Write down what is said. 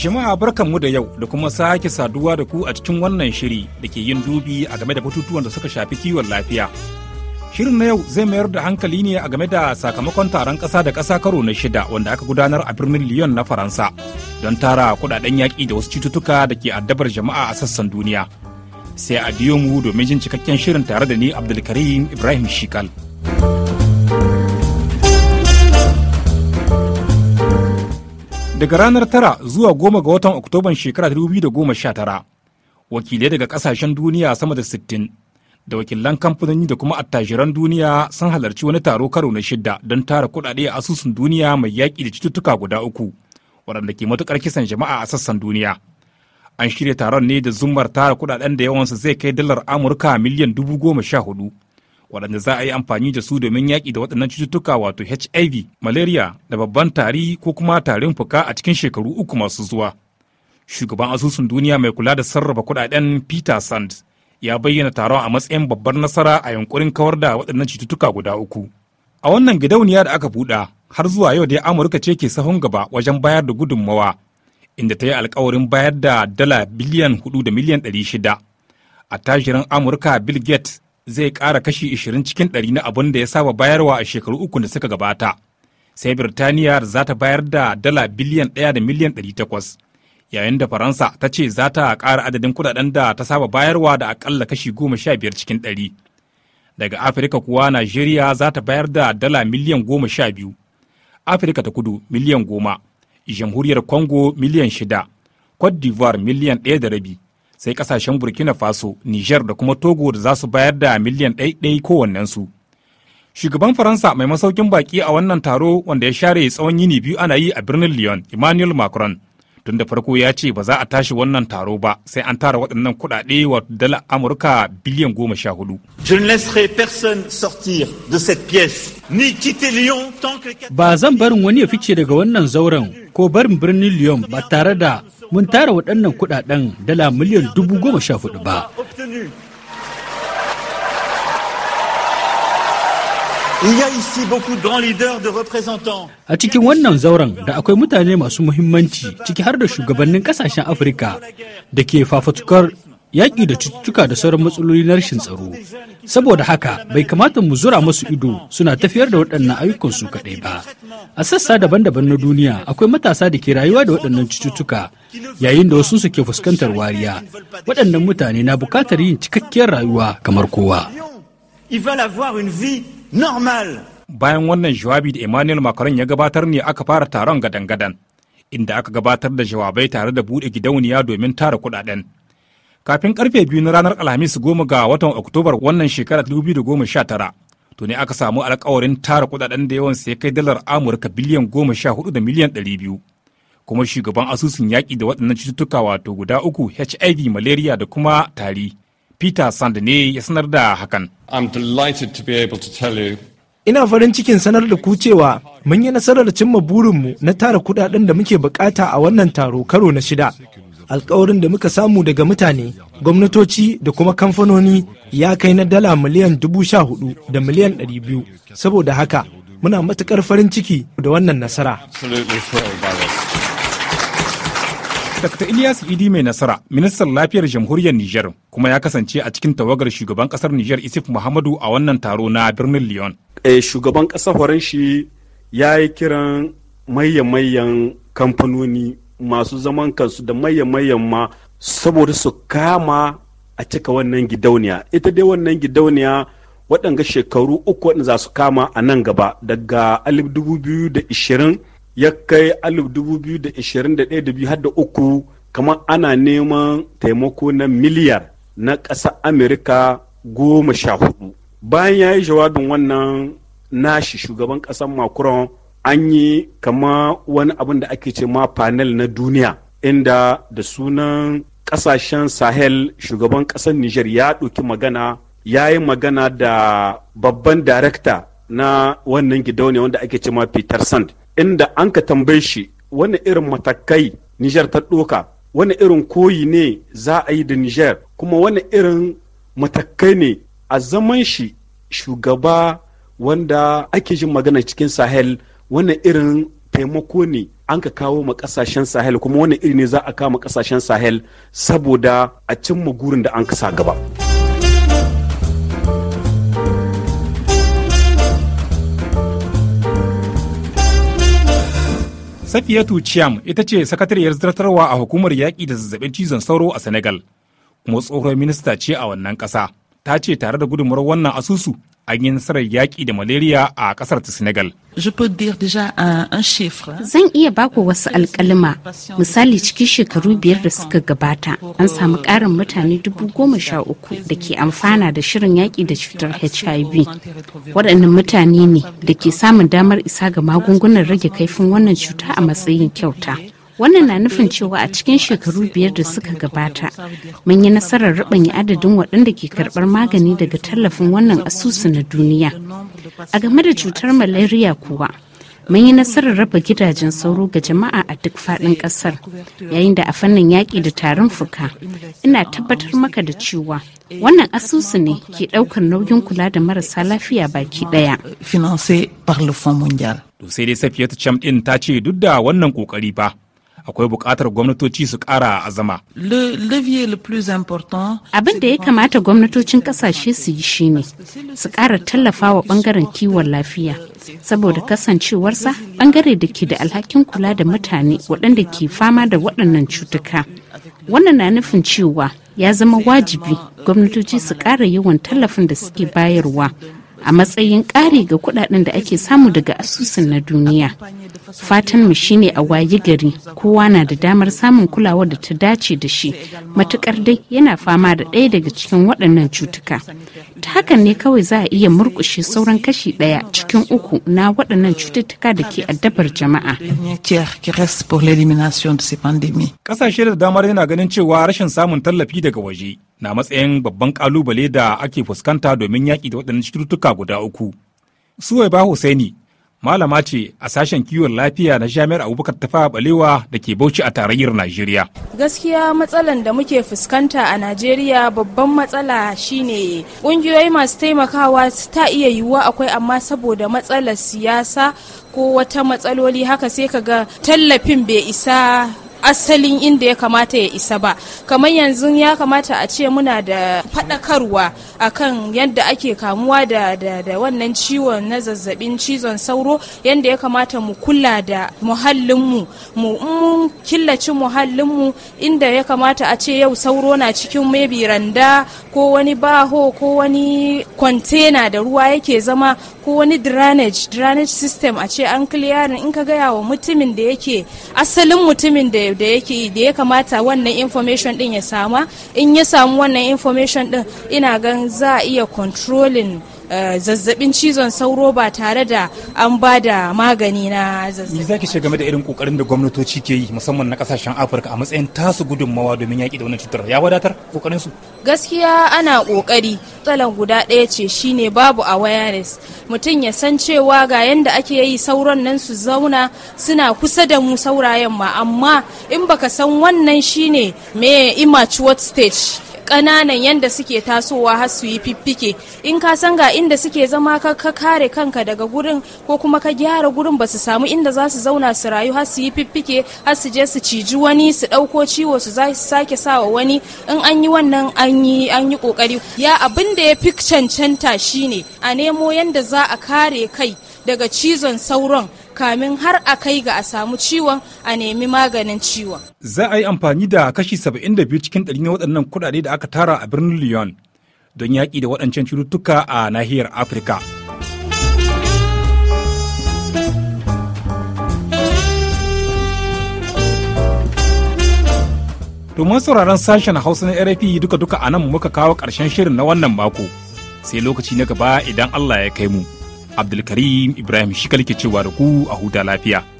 Jama'a barkanmu da yau da kuma sake saduwa da ku a cikin wannan shiri da ke yin dubi a game da batutuwan da suka shafi kiwon lafiya. Shirin na yau zai mayar da hankali ne a game da sakamakon taron ƙasa da ƙasa karo na shida wanda aka gudanar a birnin Lyon na Faransa don tara kuɗaɗen yaƙi da wasu cututtuka da ke addabar jama'a a sassan duniya. Sai a biyo mu domin jin cikakken shirin tare da ni Abdulkarim Ibrahim Shikal. daga ranar 9 zuwa goma ga watan oktoban shekara 2019 wakilai daga kasashen duniya sama da 60 da wakilan kamfanoni da kuma attajiran duniya sun halarci wani taro karo na shidda don tara kudade a asusun duniya mai yaƙi da cututtuka guda uku waɗanda ke matuƙar kisan jama'a a sassan duniya an shirya taron ne da zumar tara kudaden da yawansa zai kai dalar amurka miliyan dubu goma sha hudu waɗanda za a yi amfani da su domin yaƙi da waɗannan cututtuka wato hiv malaria da babban tari ko kuma tarin fuka a cikin shekaru uku masu zuwa shugaban asusun duniya mai kula da sarrafa kuɗaɗen peter sand ya bayyana taron a matsayin babbar nasara a yankurin kawar da waɗannan cututtuka guda uku a wannan gidauniya da aka buɗa har zuwa yau dai amurka ce ke sahun gaba wajen bayar da gudunmawa inda ta yi alkawarin bayar da dala biliyan hudu da miliyan ɗari shida a tashirin amurka bill gates zai kara kashi 20 cikin 100 na abin da ya saba bayarwa a shekaru uku da suka gabata sai birtaniya za ta bayar da dala biliyan 1 da miliyan 800 yayin da faransa ta ce za ta kara adadin kudaden da ta saba bayarwa da akalla kashi 15 cikin 100 daga afirka kuwa najeriya za ta bayar da dala miliyan 12 afirka ta kudu miliyan 10 jamhuriyar congo miliyan 6 cote d'ivoire miliyan 1 da rabi sai kasashen burkina faso niger da kuma togo da za su bayar da miliyan ɗaiɗai kowannensu shugaban faransa mai masaukin baki a wannan taro wanda ya share tsawon yini biyu ana yi a birnin lyon emmanuel macron tun da farko ya ce ba za a tashi wannan taro ba sai an tara waɗannan kuɗaɗe wa dala amurka biliyan goma sha hudu. ni Ba zan barin wani ya fice daga wannan zauren ko barin birnin Lyon ba tare da mun tara waɗannan kuɗaɗen dala miliyan dubu goma sha hudu ba. A cikin wannan zauren da akwai mutane masu muhimmanci ciki har da shugabannin kasashen Afirka da ke fafatukar yaƙi da cututtuka da sauran matsaloli na rashin tsaro. Saboda haka bai kamata mu zura masu ido suna tafiyar da waɗannan ayyukansu kaɗai ba. a sassa daban-daban na duniya akwai matasa da ke rayuwa da waɗannan cututtuka yayin da wasu suke fuskantar wariya waɗannan mutane na buƙatar yin cikakkiyar rayuwa kamar kowa bayan wannan jawabi da emmanuel macron ya gabatar ne aka fara taron gadan-gadan inda aka gabatar da jawabai tare da buɗe gidauniya domin tara kuɗaɗen kafin karfe biyu na ranar alhamis goma ga watan oktobar wannan shekarar 2019 to ne aka samu alkawarin tara kudaden da yawan sai kai dalar amurka biliyan goma sha hudu da miliyan ɗari biyu kuma shugaban asusun yaƙi da waɗannan cututtuka wato guda uku hiv malaria da kuma tari peter sand ne ya sanar da hakan I'm ina farin cikin sanar da ku cewa mun yi nasarar cimma burinmu na tara kudaden da muke bukata a wannan taro karo na shida alkawarin da muka samu daga mutane gwamnatoci da kuma kamfanoni ya kai na dala miliyan dubu sha hudu da miliyan ɗari biyu saboda haka muna matukar farin ciki da wannan nasara Dr. Ilyas Idi mai nasara, ministan lafiyar jamhuriyar Nijar, kuma ya kasance a cikin tawagar shugaban kasar Nijar Isif Muhammadu a wannan taro na birnin Lyon. Eh, shugaban kasa faranshe shi ya yi kiran mayan-mayan kamfanoni masu zaman kansu da mayan-mayan ma saboda su kama a cika wannan gidauniya ita dai wannan gidauniya waɗanga shekaru uku waɗanda za su kama a nan gaba daga 2020 ya kai 2021 har da uku kamar ana neman taimako na miliyar na ƙasa amirika goma sha hudu bayan ya yi jawabin wannan nashi shugaban ƙasar macron an yi kama wani abin da ake ce ma panel na duniya inda da sunan kasashen sahel shugaban kasar niger ya ɗauki magana ya yi magana da babban darekta na wannan gidauniya wanda ake ce ma peter sand inda an ka tambaye shi wani irin matakai niger ta ɗoka wani irin koyi ne za a yi da niger kuma wani irin matakai ne a zaman shi shugaba wanda ake jin magana cikin sahel wannan irin taimako ne an ka kawo ma kasashen sahel kuma wannan iri ne za a kawo ma kasashen sahel saboda a cimma gurin da an kasa gaba safiyatu chiam ita ce sakatariyar zartarwa a hukumar yaƙi da zazzabin cizon sauro a senegal kuma tsohon minista ce a wannan ƙasa ta ce tare da gudunmuwar wannan asusu an yi nasarar yaƙi da malaria a ƙasar ta Senegal. Zan iya bako wasu alƙalima misali cikin shekaru biyar da suka gabata an samu ƙarin mutane dubu goma sha uku da ke amfana da shirin yaƙi da cutar HIV. Waɗannan mutane ne da ke samun damar isa ga magungunan rage kaifin wannan cuta a matsayin kyauta. Wannan na nufin cewa a cikin shekaru biyar da suka gabata, mun yi nasarar rubanya adadin waɗanda ke karɓar magani daga tallafin wannan asusu na duniya. A game da cutar malaria kuwa, mun yi nasarar raba gidajen sauro ga jama'a a duk faɗin ƙasar yayin da a fannin yaƙi da tarin fuka ina tabbatar maka da cewa wannan asusu ne ke ɗaukar nauyin kula da marasa lafiya baki ɗaya. sai dai safiyatu cam ɗin ta ce duk da wannan ƙoƙari ba akwai bukatar gwamnatoci su kara azama. Abin da ya kamata gwamnatocin kasashe su yi shine su kara tallafa wa ɓangaren kiwon lafiya saboda kasancewarsa bangare da ke da alhakin kula da mutane waɗanda ke fama da waɗannan cutuka. Wannan na nufin cewa ya zama wajibi euh, gwamnatoci su ƙara yawan tallafin da suke bayarwa a matsayin ƙari ga kuɗaɗen da ake samu daga asusun na duniya fatan mu shine a wayi gari kowa na da damar samun kulawa da ta dace da shi matukar dai yana fama da ɗaya daga cikin waɗannan cutuka ta hakan ne kawai za a iya murƙushe sauran kashi ɗaya cikin uku na waɗannan cututtuka da ke addabar jama'a ƙasashe da damar yana ganin cewa rashin samun tallafi daga waje na matsayin babban kalubale da ake fuskanta domin yaƙi da waɗannan cututtuka guda uku. Suwaiba Hussaini malama ce a sashen kiwon lafiya na jami'ar abubakar tafa balewa da ke bauchi a tarayyar najeriya gaskiya matsalan da muke fuskanta a najeriya babban matsala shine ƙungiyoyi masu taimakawa ta iya yiwuwa akwai amma saboda matsalar siyasa ko wata matsaloli haka sai ka ga tallafin bai isa asalin inda ya kamata ya isa ba kamar yanzu ya kamata a ce muna da faɗakarwa akan yadda ake kamuwa da, da, da wannan ciwon na zazzabin cizon sauro yadda ya kamata mu kula da muhallinmu mu mun killaci muhallinmu inda ya kamata a ce yau sauro na cikin mebi randa ko wani baho ko wani kwantena da ruwa yake zama ko wani drainage drainage system a ce an clearing in ka gaya wa mutumin da yake asalin mutumin da yake da ya kamata wannan information din ya sama in ya samu wannan information din ina gan za a iya controlling Eh, zazzabin cizon sauro ba tare da an ba da magani na zazzabin. Me zaki ce game da irin kokarin da gwamnatoci ke yi musamman na kasashen Afirka a matsayin tasu gudunmawa domin yaƙi da wannan cutar ya wadatar kokarin su? Gaskiya ana kokari tsalan guda ɗaya ce shine babu awareness mutum ya san cewa ga yanda ake yi sauran nan su zauna suna kusa da mu saurayen ma amma in baka san wannan shine me immature stage kananan yanda suke tasowa har su yi fiffike in ka san ga inda suke zama ka kare kanka daga gurin ko kuma ka gyara gurin ba su samu inda za su zauna su rayu har su yi fiffike har su je su ciji wani su ɗauko ciwo su sake sawa wani in an yi wannan an yi an yi ƙoƙari ya abin da ya fi cancanta shine a nemo yanda za a kare kai daga cizon sauron kamin har a kai ga a samu ciwon a nemi maganin ciwon. Za a yi amfani da kashi biyu cikin ɗari na waɗannan kuɗaɗe da aka tara a birnin Lyon don yaƙi da waɗancan cututtuka a nahiyar Afirka. Domin sauraron sashen Hausa na RFI duka-duka a nan muka kawo ƙarshen shirin na wannan mako, sai lokaci na gaba idan Allah ya kai mu. Abdulkarim Ibrahim shi kalke cewa da ku a huta lafiya.